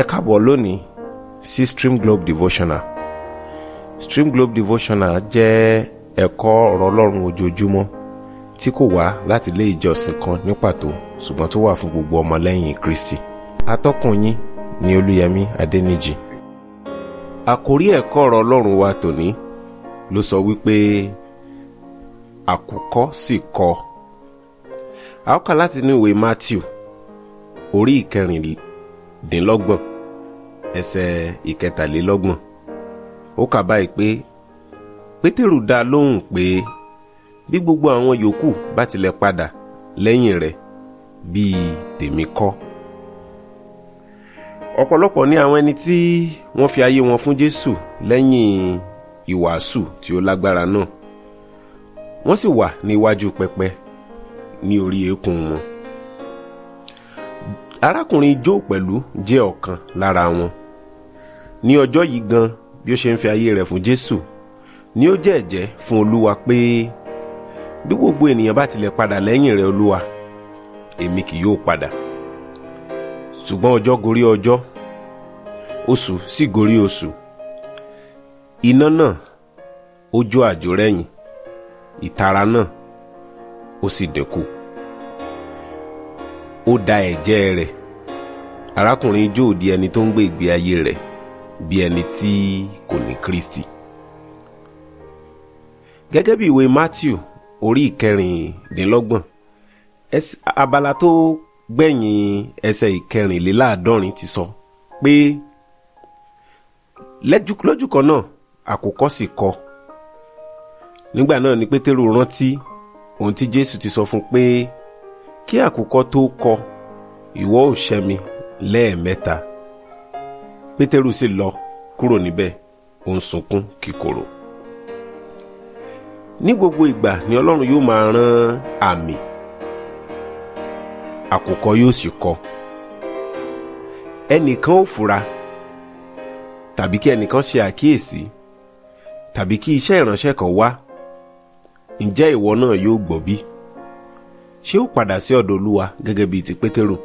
ẹ káàbọ̀ lónìí sí stream globe devotional stream globe devotional jẹ́ ẹ̀kọ́ ọ̀rọ̀ ọlọ́run ojoojúmọ́ tí kò wá láti ilé ìjọsìn kan ní pàtó ṣùgbọ́n tó wà fún gbogbo ọmọlẹ́yìn kristi atọ́kùn yín ni olúyẹmí adẹ́nìjì àkórí ẹ̀kọ́ ọ̀rọ̀ ọlọ́run wa tòní ló sọ wípé àkùkọ sì kọ a ó láti inú ìwé matthew orí ìkẹrìnlélógún dínlọ́gbọ̀n ẹsẹ̀ ìkẹtàlélọ́gbọ̀n ó kà báyìí pé pétérù dá lóhùn pé bí gbogbo àwọn yòókù bá tilẹ̀ padà lẹ́yìn rẹ̀ bíi tèmi kọ́ ọ̀pọ̀lọpọ̀ ní àwọn ẹni tí wọ́n fi ayé wọn fún jésù lẹ́yìn ìwàásù tí ó lágbára náà wọ́n sì wà níwájú pẹpẹ ní orí eékún wọn arákùnrin Jóò pẹ̀lú jẹ́ ọ̀kan lára wọn ní ọjọ́ yìí gan bí ó ṣe ń fi ayé rẹ̀ fún Jésù ni ó jẹ́ ẹ̀jẹ́ fún Olúwa pé bí gbogbo ènìyàn bá tilẹ̀ padà lẹ́yìn rẹ̀ Olúwa èmi kì yóò padà ṣùgbọ́n ọjọ́ gorí ọjọ́ oṣù sì gorí oṣù iná náà ó jó àjò rẹ̀yìn ìtara náà ó sì dínkù ó da ẹ̀jẹ̀ rẹ̀ arákùnrin Joe di ẹni tó ń gbé ìgbé ayé rẹ̀ bí ẹni tí kò ní Kristi. gẹ́gẹ́ bí ìwé Matthew orí ìkẹrìndínlọ́gbọ̀n abala tó gbẹ̀yìn ẹsẹ̀ ìkẹrìnléláàádọ́rin ti sọ pé lójú kan náà àkókò sì kọ nígbà náà ni Pétérù rántí ohun tí Jésù ti sọ fún pé kí àkókò tó kọ ìwọ ò mi lẹ́ẹ̀mẹ́ta pétérù sì lọ kúrò níbẹ̀ ó ń sunkún kíkorò ní gbogbo ìgbà ni ọlọ́run yóò máa rán àmì àkùkọ yóò sì kọ ẹnìkan ò fura tàbí kí ẹnìkan ṣe àkíyèsí tàbí kí iṣẹ́ ìránṣẹ́ kan wá ǹjẹ́ ìwọ náà yóò gbọ́ bí ṣé ó padà sí ọ̀dọ̀ olúwa gẹ́gẹ́ bíi ti pétérù.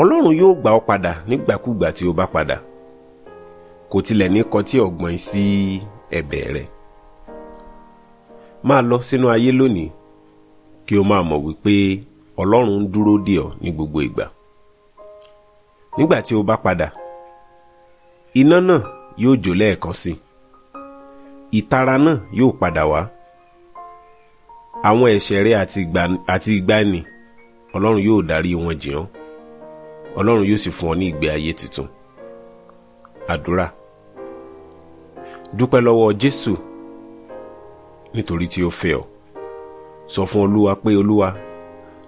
ọlọ́run yóò gbà ọ́ padà nígbàkúgbà tí o bá padà kò tilẹ̀ ní kọtí ọ̀gbọ́n sí ẹ̀bẹ̀ rẹ̀ máa lọ sínú ayé lónìí kí o máa mọ̀ wípé ọlọ́run ń dúró dè ọ́ ní gbogbo ìgbà nígbà tí o bá padà iná náà yóò jó lẹ́ẹ̀kan sí ìtara náà yóò padà wá àwọn ẹ̀ṣẹ̀ rẹ àti ìgbà ni ọlọ́run yóò dárí wọn jìn ọ́ ọlọ́run yóò sì fún ọ ní ìgbé ayé tuntun àdúrà dúpẹ́ lọ́wọ́ jésù nítorí tí ó fẹ́ ọ sọ fún olúwa pé olúwa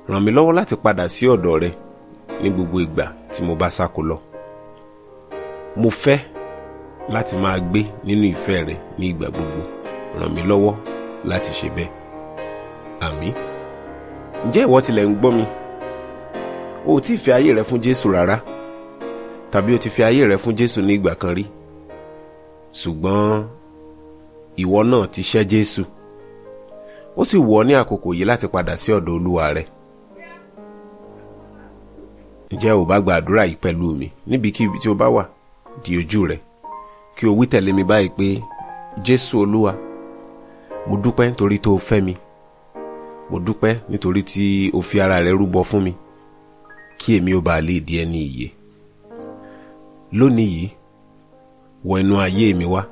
ràn mí lọ́wọ́ láti padà sí ọ̀dọ̀ rẹ ní gbogbo ìgbà tí mo bá sáko lọ mo fẹ́ láti máa gbé nínú ìfẹ́ rẹ ní ìgbà gbogbo ràn mí lọ́wọ́ láti ṣe bẹ́ẹ̀ àmín ǹjẹ́ ìwọ tilẹ̀ ń gbọ́ mi? o ò tí ì fi ayé rẹ fún Jésù rárá tàbí o ti fi ayé rẹ fún Jésù ní ìgbà kan rí ṣùgbọ́n ìwọ náà ti ṣẹ́ Jésù ó sì wù ọ́ ní àkókò yìí láti padà sí ọ̀dọ̀ Olúwa rẹ ǹjẹ́ ò bá gba yìí pẹ̀lú mi níbikíbi tí o bá wà di ojú rẹ kí o wí tẹ̀lé mi báyìí pé Jésù Olúwa mo dúpẹ́ nítorí tó o fẹ́ mi mo dúpẹ́ nítorí tí o fi ara rẹ rúbọ fún mi kí èmi ó bàa lè di ẹni ìyè lónìí yìí wọ inú ayé mi wá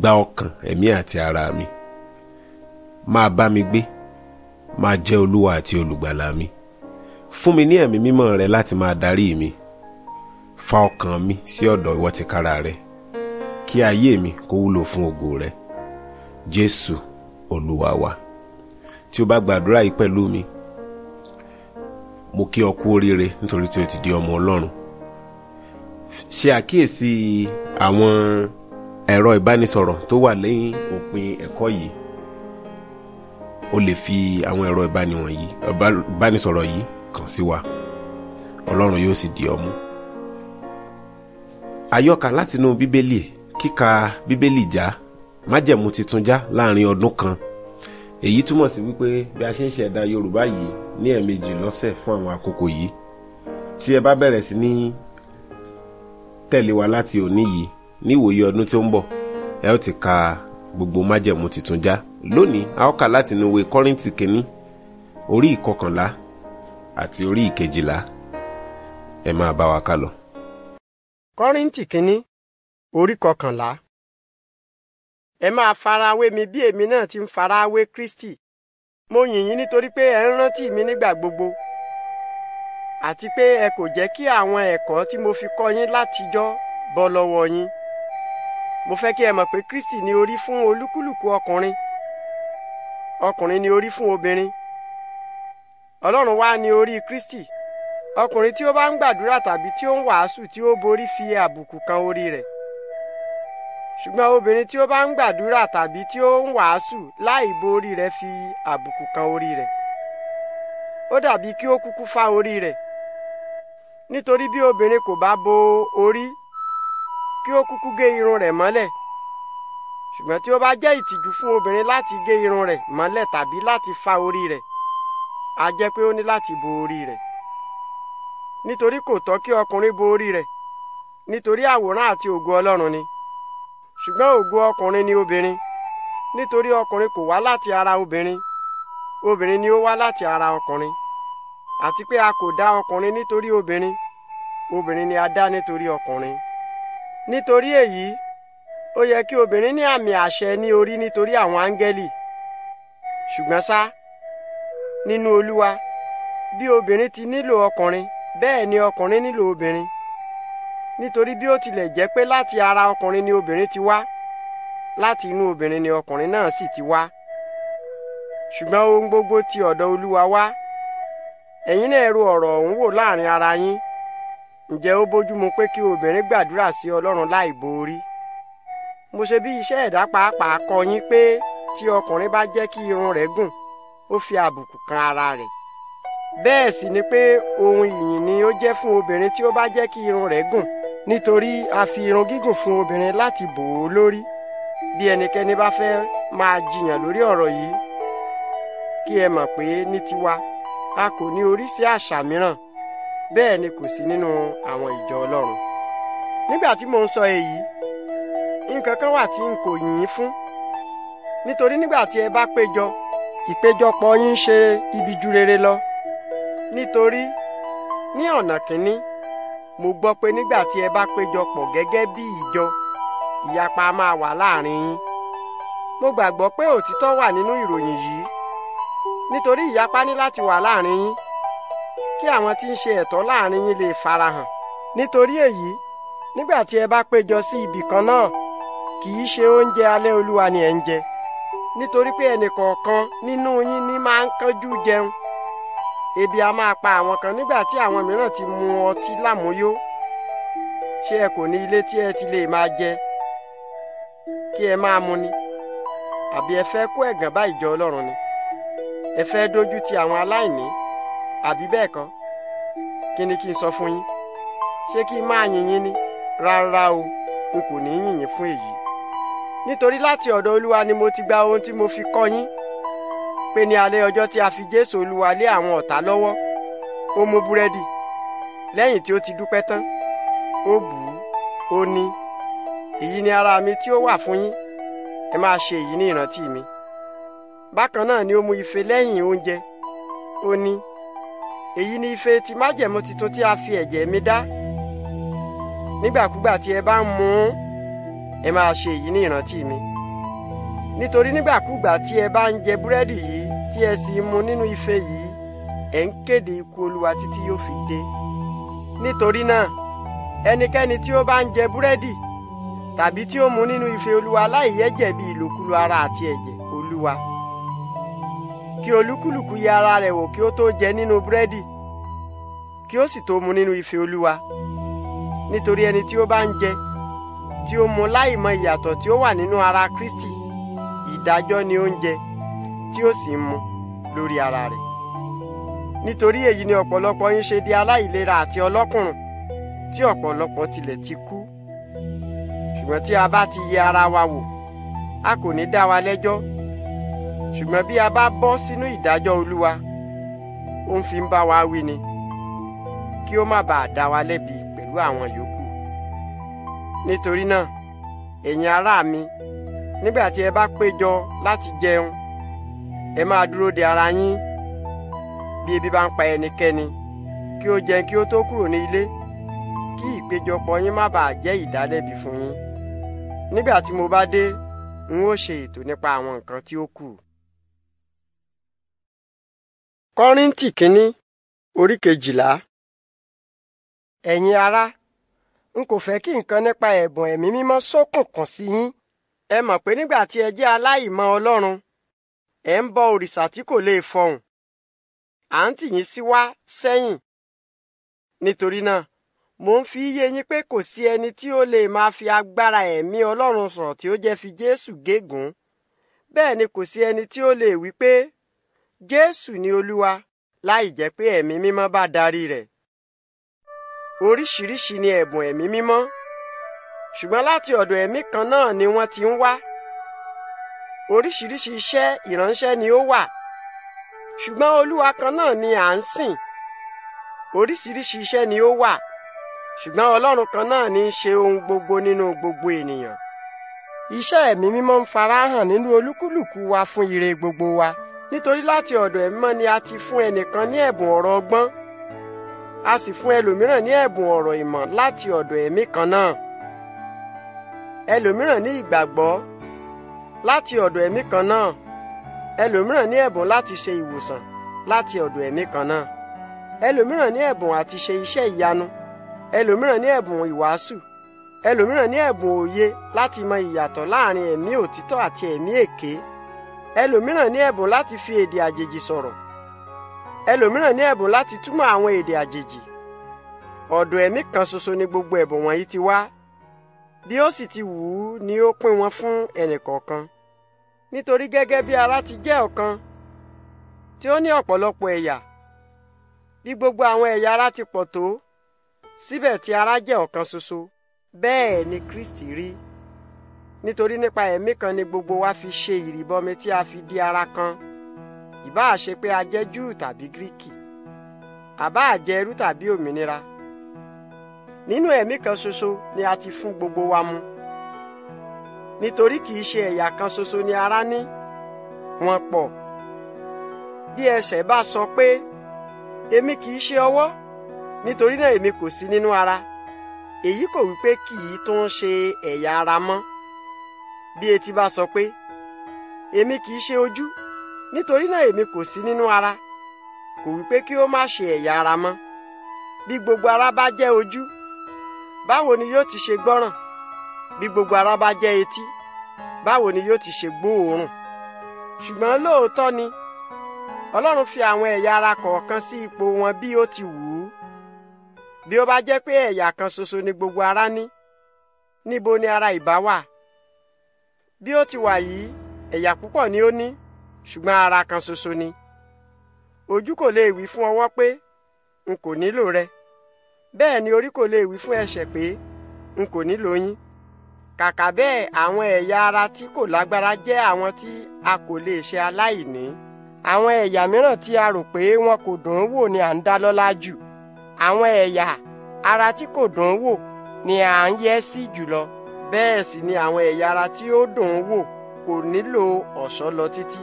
gba ọkàn ẹ̀mí àti ara mi máa bá mi gbé máa jẹ́ olúwa àti olùgbàlà mi fún mi ní ẹ̀mí mímọ́ rẹ láti máa darí mi fa ọkàn mi sí ọ̀dọ̀ ìwọ tìkára rẹ kí ayé mi kó wúlò fún ògo rẹ jésù olúwa wa tí o bá gbàdúrà yìí pẹ̀lú mi mo kí ọ kú oríire nítorí tí o ti di ọmọ ọlọ́run ṣe àkíyèsí àwọn ẹ̀rọ ìbánisọ̀rọ̀ tó wà lẹ́yìn òpin ẹ̀kọ́ yìí o lè fi àwọn ẹ̀rọ ìbánisọ̀rọ̀ yìí kàn sí wa ọlọ́run yóò sì di ọmú àyọkà látinú bíbélì kíka bíbélì já májẹ̀mú titun láàrin ọdún kan èyí túmọ̀ sí wípé bí a ṣe ń ṣe ẹ̀dà yorùbá yìí ní ẹ̀ẹ̀mejì lọ́sẹ̀ fún àwọn àkókò yìí tí ẹ bá bẹ̀rẹ̀ sí ní tẹ̀lé wa láti òní yìí ní ìwòye ọdún tó ń bọ̀ ẹ ó ti ka gbogbo májẹ̀mú tuntun já lónìí a ó kà láti inú ìwé kọ́rìntì kínní orí ìkọkànlá àti orí ìkejìlá ẹ máa bá wa ká lọ. kọ́rìntì kínní orí kọkànlá ẹ máa farawé mi bí èmi náà ti ń farawé Kristi mo yìn yín nítorí pé ẹ ń rántí mi nígbà gbogbo àti pé ẹ kò jẹ́ kí àwọn ẹ̀kọ́ tí mo fi kọ́ yín látijọ́ bọ́ lọ́wọ́ yín mo fẹ́ kí ẹ mọ̀ pé Kristi ni orí fún olúkúlùkù ọkùnrin ọkùnrin ni orí fún obìnrin Ọlọ́run wá ní orí Kristi ọkùnrin tí ó bá ń gbàdúrà tàbí tí ó ń wàásù tí ó borí fi àbùkù kan orí rẹ̀ ṣùgbọ́n obìnrin tí ó bá ń gbàdúrà tàbí tí ó ń wàásù láì bo orí fi àbùkù kan orí rẹ̀ ó dàbí kí ó kúkú ori orí nitori nítorí bí obìnrin kò bá bo orí kí ó kúkú gé irun re mọ́lẹ̀ ṣùgbọ́n tí ó bá jẹ́ ìtìjú fún obìnrin láti gé irun re mọ́lẹ̀ tàbí láti fa orí re. a jẹ́ pé ó ní láti bo orí re. nítorí kò tọ́ kí ọkùnrin bo orí rẹ̀ nítorí àwòrán àti ògo Ọlọ́run ni. ṣùgbọ́n ògo ọkùnrin ni obìnrin nítorí ọkùnrin kò wá láti ara obìnrin obìnrin ni ó wá láti ara ọkùnrin àti pé a kò dá ọkùnrin nítorí obìnrin obìnrin ni a dá nítorí ọkùnrin nítorí èyí ó yẹ kí obìnrin ní àmì àṣẹ ní orí nítorí àwọn áńgẹ́lì ṣùgbọ́n ṣá nínú Olúwa bí obìnrin ti nílò ọkùnrin bẹ́ẹ̀ ni ọkùnrin nílò obìnrin nítorí bí ó tilẹ̀ jẹ́ pé láti ara ọkùnrin ni obìnrin ti wá láti inú obìnrin ni ọkùnrin náà sì ti wá ṣùgbọ́n ohun gbogbo ti ọ̀dọ̀ olúwa wá ẹ̀yin náà ro ọ̀rọ̀ ọ̀hún wò láàrin ara yín ǹjẹ́ ó bójúmu pé kí obìnrin gbàdúrà sí ọlọ́run láì borí mo ṣe bí iṣẹ́ ẹ̀dá pàápàá kọ́ yín pé tí ọkùnrin bá jẹ́ kí irun rẹ̀ gùn ó fi àbùkù kan ara rẹ̀ bẹ́ẹ̀ sì ni pé ohun ìyìn ni ó jẹ́ fún obìnrin tí ó bá jẹ́ kí irun rẹ̀ gùn nítorí a fi irun gígùn fún obìnrin láti bò ó lórí bí ẹnikẹ́ni bá fẹ́ máa jiyàn lórí ọ̀rọ̀ yìí kí ẹ mọ̀ pé ní tiwa a kò ní oríṣi àṣà mìíràn bẹ́ẹ̀ ni kò sí nínú àwọn ìjọ Ọlọ́run nígbà tí mo ń sọ èyí nǹkan kan wà tí n kò yìn fún nítorí nígbà tí ẹ bá péjọ ìpéjọpọ̀ yín ṣe ibi ju rere lọ nítorí ní ọ̀nà kìíní mo gbọ́ pé nígbà tí ẹ bá péjọpọ̀ gẹ́gẹ́ bí ìjọ ìyapa máa wà láàrin yín mo gbàgbọ́ pé òtítọ́ wà nínú ìròyìn yìí nítorí ìyapa ní láti wà láàrin yín kí àwọn tí ń ṣe ẹ̀tọ́ láàrin yín lè farahàn nítorí èyí nígbà tí ẹ bá péjọ sí ibì kan náà kì í ṣe oúnjẹ alẹ́ olúwa ni ẹ ń jẹ nítorí pé ẹnìkọ̀ọ̀kan nínú yín ní máa ń kánjú jẹun ebi a máa pa àwọn kan nígbà tí àwọn mìíràn ti mu ọtí lámúyó ṣé ẹ kò ní ilé tí ẹ ti lè máa jẹ kí ẹ máa mu ni àbí ẹ fẹ́ kó ẹ̀gàn bá ìjọ Ọlọ́run ni ẹ fẹ́ dójú ti àwọn aláìní àbí bẹ́ẹ̀ kọ́ kí ni kí n sọ fún yín ṣé kí n máa yìnyín ni rárá o n kò ní yìnyín fún èyí nítorí láti ọ̀dọ̀ Olúwa ni mo ti gba ohun tí mo fi kọ́ yín pé ní alẹ́ ọjọ́ tí a fi Jésù Olúwa lé àwọn ọ̀tá lọ́wọ́ ó mú búrẹ́dì lẹ́yìn tí ó ti dúpẹ́ tán ó bù ú ó ní èyí ni ara mi tí ó wà fún yín ẹ máa ṣe èyí ní ìrántí mi bákan náà ni ó mú ife lẹ́yìn oúnjẹ ó ní èyí ni ife ti májẹ̀mú titun tí a fi ẹ̀jẹ̀ mi dá nígbàkúgbà tí ẹ bá ń mu ẹ máa ṣe èyí ní ìrántí mi nítorí nígbàkúgbà tí ẹ bá ń jẹ búrẹ́dì yìí tí ẹ sì mu nínú ife yìí ẹ ń kéde ikú olúwa títí yóò fi dé nítorí náà ẹnikẹ́ni tí ó bá ń jẹ búrẹ́dì tàbí tí ó mu nínú ife olúwa láì yẹ jẹ̀bi ìlòkulù ara àti ẹ̀jẹ̀ olúwa kí olúkúlùkù yẹ ara rẹ̀ wò kí ó tó jẹ nínú búrẹ́dì kí ó sì tó mu nínú ife olúwa nítorí ẹni tí ó bá ń jẹ tí ó mu láì mọ ìyàtọ̀ tí ó wà nínú ara Kristi ìdájọ́ ni ó ń jẹ tí ó sì ń mu lórí ara rẹ̀ nítorí èyí ni ọ̀pọ̀lọpọ̀ yín ṣe di aláìlera àti ọlọ́kùnrùn tí ọ̀pọ̀lọpọ̀ tilẹ̀ ti kú ṣùgbọ́n tí a bá ti yẹ ara wa wò a kò ní dá wa lẹ́jọ́ ṣùgbọ́n bí a bá bọ́ sínú ìdájọ́ Olúwa ó ń fi ń bá wa wí ni kí ó má bàa dá wa lẹ́bi pẹ̀lú àwọn yòókù nítorí náà ẹ̀yin ará mi nígbà tí ẹ bá péjọ láti jẹun ẹ máa dúró de ara yín bí ebi bá ń pa ẹnikẹ́ni kí ó jẹun kí ó tó kúrò ní ilé kí ìpéjọpọ̀ yín má bàa jẹ́ ìdálẹ́bi fún yín nígbà tí mo bá dé n ó ṣe ètò nípa àwọn nǹkan tí ó kù. kọ́ríntì kínní orí kejìlá ẹ̀yin ará n kò fẹ́ kí nǹkan nípa ẹ̀bùn ẹ̀mí mímọ́ ṣókùnkùn sí yín ẹ mọ̀ pé nígbà tí ẹ jẹ́ aláìmọ̀ Ọlọ́run ẹ ń bọ òrìṣà tí kò lè fọhùn à ń tì yín sí wá sẹ́yìn nítorí náà mo ń fi yé yín pé kò sí ẹni tí ó lè máa fi agbára ẹ̀mí Ọlọ́run sọ̀rọ̀ tí ó jẹ́ fi Jésù gégùn bẹ́ẹ̀ ni kò sí ẹni tí ó lè wí pé Jésù ni Olúwa láì jẹ́ pé ẹ̀mí mímọ́ bá darí rẹ̀ oríṣiríṣi ni ẹ̀bùn ẹ̀mí mímọ́ ṣùgbọ́n láti ọ̀dọ̀ ẹ̀mí kan náà ni wọ́n ti ń wá oríṣiríṣi iṣẹ́ ìránṣẹ́ ni ó wà ṣùgbọ́n olúwa kan náà ni à ń sìn oríṣiríṣi iṣẹ́ ni ó wà ṣùgbọ́n ọlọ́run kan náà ni ń ṣe ohun gbogbo nínú gbogbo ènìyàn iṣẹ́ ẹ̀mí mímọ́ ń farahàn nínú olúkúlùkù wa fún ire gbogbo wa nítorí láti ọ̀dọ̀ ẹ̀mí mọ́ ni a ti fún ẹnìkan ní ẹ̀bùn ọ̀rọ̀ ọgbọ́n a sì fún ẹlòmíràn ní ẹ̀bùn ọ̀rọ̀ ìmọ̀ láti ọ̀dọ̀ ẹ̀mí kan náà ẹlòmíràn ní ìgbàgbọ́ láti ọ̀dọ̀ ẹ̀mí kan náà ẹlòmíràn ní ẹ̀bùn láti ṣe ìwòsàn láti ọ̀dọ̀ ẹ̀mí kan náà ẹlòmíràn ní ẹ̀bùn àti ṣe iṣẹ́ ìyanu ẹlòmíràn ní ẹ̀bùn ìwàásù ẹlòmíràn ní ẹ̀bùn òye láti mọ ìyàtọ̀ láàrin ẹ̀mí òtítọ́ àti ẹ̀mí èké ẹlòmíràn ní ẹ̀bùn láti fi èdè àjèjì sọ̀rọ̀ ẹlòmíràn ní ẹ̀bùn láti túmọ̀ àwọn èdè àjèjì ọ̀dọ̀ ẹ̀mí kan ṣoṣo ni gbogbo ẹ̀bùn wọ̀nyí ti wá bí ó sì ti wù ú ni ó pín wọn fún ẹnìkọ̀ọ̀kan nítorí gẹ́gẹ́ bí ara ti jẹ́ ọ̀kan tí ó ní ọ̀pọ̀lọpọ̀ ẹ̀yà bí gbogbo àwọn ẹ̀yà ara ti pọ̀ tó síbẹ̀ tí ara jẹ́ ọ̀kan ṣoṣo bẹ́ẹ̀ ni Kristi rí nítorí nípa ẹ̀mí kan ni gbogbo wa fi ṣe ìrìbọmi tí a fi di ara kan ìbáà ṣe pé a jẹ́ Júù tàbí Gíríkì àbáà jẹ́ ẹrú tàbí òmìnira nínú ẹ̀mí kan ṣoṣo ni a ti fún gbogbo wa mu nítorí kìí ṣe ẹ̀yà kan ṣoṣo ni ara ní wọ́n pọ̀ bí ẹsẹ̀ bá sọ pé èmi kìí ṣe ọwọ́ nítorí náà èmi kò sí nínú ara èyí kò wípé kìí tún ṣe ẹ̀yà ara mọ́ bí etí bá sọ pé èmi kìí ṣe ojú nítorí náà èmi kò sí nínú ara kò wípé kí ó má ṣe ẹ̀yà ara mọ́ bí gbogbo ara bá jẹ́ ojú báwo ni yóò ti ṣe gbọ́ràn bí gbogbo ara bá jẹ́ etí báwo ni yóò ti ṣe gbóòórùn ṣùgbọ́n lóòótọ́ ni Ọlọ́run fi àwọn ẹ̀yà ara kọ̀ọ̀kan sí ipò wọn bí ó ti wù ú bí ó bá jẹ́ pé ẹ̀yà kan ṣoṣo ni gbogbo ara ní níbo ni ara ìbá wà bí ó ti wà yìí ẹ̀yà púpọ̀ ni ó ní ṣùgbọ́n ara kan ṣoṣo ni ojú kò lè wí fún ọwọ́ pé n kò nílò rẹ bẹ́ẹ̀ ni orí kò lè wí fún ẹ̀ṣẹ̀ pé n kò nílò yín kàkà bẹ́ẹ̀ àwọn ẹ̀yà ara tí kò lágbára jẹ́ àwọn tí a kò lè ṣe aláìní àwọn ẹ̀yà mìíràn tí a rò pé wọn kò dùn ún wò ni à ń dá lọ́lá jù àwọn ẹ̀yà ara tí kò dùn ún wò ni à ń yẹ́ sí jùlọ bẹ́ẹ̀ sì ni àwọn ẹ̀yà ara tí ó dùn ún wò kò nílò ọ̀ṣọ́ lọ títí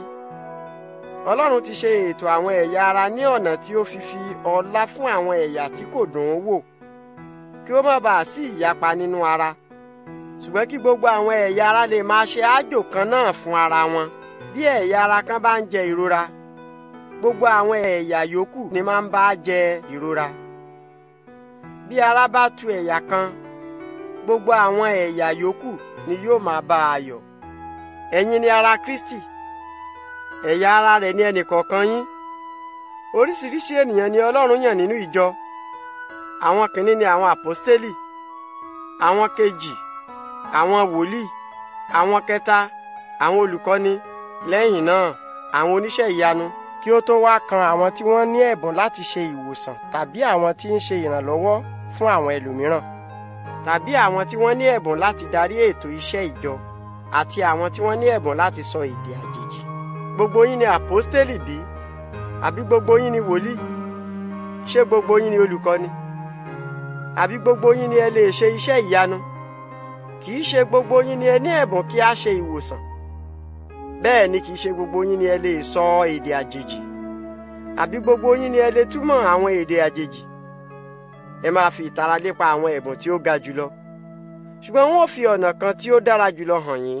ọlọ́run ti ṣe ètò àwọn ẹ̀yà ara ní ọ̀nà tí ó fi fi ọlá fún àwọn ẹ̀yà tí kò dùn ún wò kí ó má bàa sí ìyapa nínú ara ṣùgbọ́n kí gbogbo àwọn ẹ̀yà ara lè máa ṣe àjò kan náà fún ara wọn bí ẹ̀yà ara kan bá ń jẹ ìrora gbogbo àwọn ẹ̀yà yòókù ni máa ń bá jẹ ìrora bí ara bá tu ẹ̀yà kan gbogbo àwọn ẹ̀yà yòókù ni yóò máa bá a yọ̀ ẹ̀yin ni ara Kristi ẹ̀yà ara rẹ̀ ni ẹnìkọ̀ọ̀kan yín oríṣiríṣi ènìyàn ni Ọlọ́run yàn nínú ìjọ àwọn kìíní ni àwọn àpọ́stélì àwọn kejì àwọn wòlíì àwọn kẹta àwọn olùkọ́ni lẹ́yìn náà àwọn oníṣẹ́ ìyanu kí ó tó wá kan àwọn tí wọ́n ní ẹ̀bùn láti ṣe ìwòsàn tàbí àwọn tí ń ṣe ìrànlọ́wọ́ fún àwọn ẹlòmíràn tàbí àwọn tí wọ́n ní ẹ̀bùn láti darí ètò iṣẹ́ ìjọ àti àwọn tí wọ́n ní ẹ̀bùn láti sọ èdè àjẹ́ gbogbo yín ni àpọ́stélì bí àbí gbogbo yín ni wòlíì ṣé gbogbo yín ni olùkọ́ni àbí gbogbo yín ni ẹ lè ṣe iṣẹ́ ìyanu kì í ṣe gbogbo yín ni ẹ ní ẹ̀bùn kí á ṣe ìwòsàn bẹ́ẹ̀ ni kì í ṣe gbogbo yín ni ẹ lè sọ èdè àjèjì àbí gbogbo yín ni ẹ lè túmọ̀ àwọn èdè àjèjì ẹ máa fi ìtara lépa àwọn ẹ̀bùn tí ó ga jùlọ ṣùgbọ́n wọn ò fi ọ̀nà kan tí ó dára jùlọ hàn yín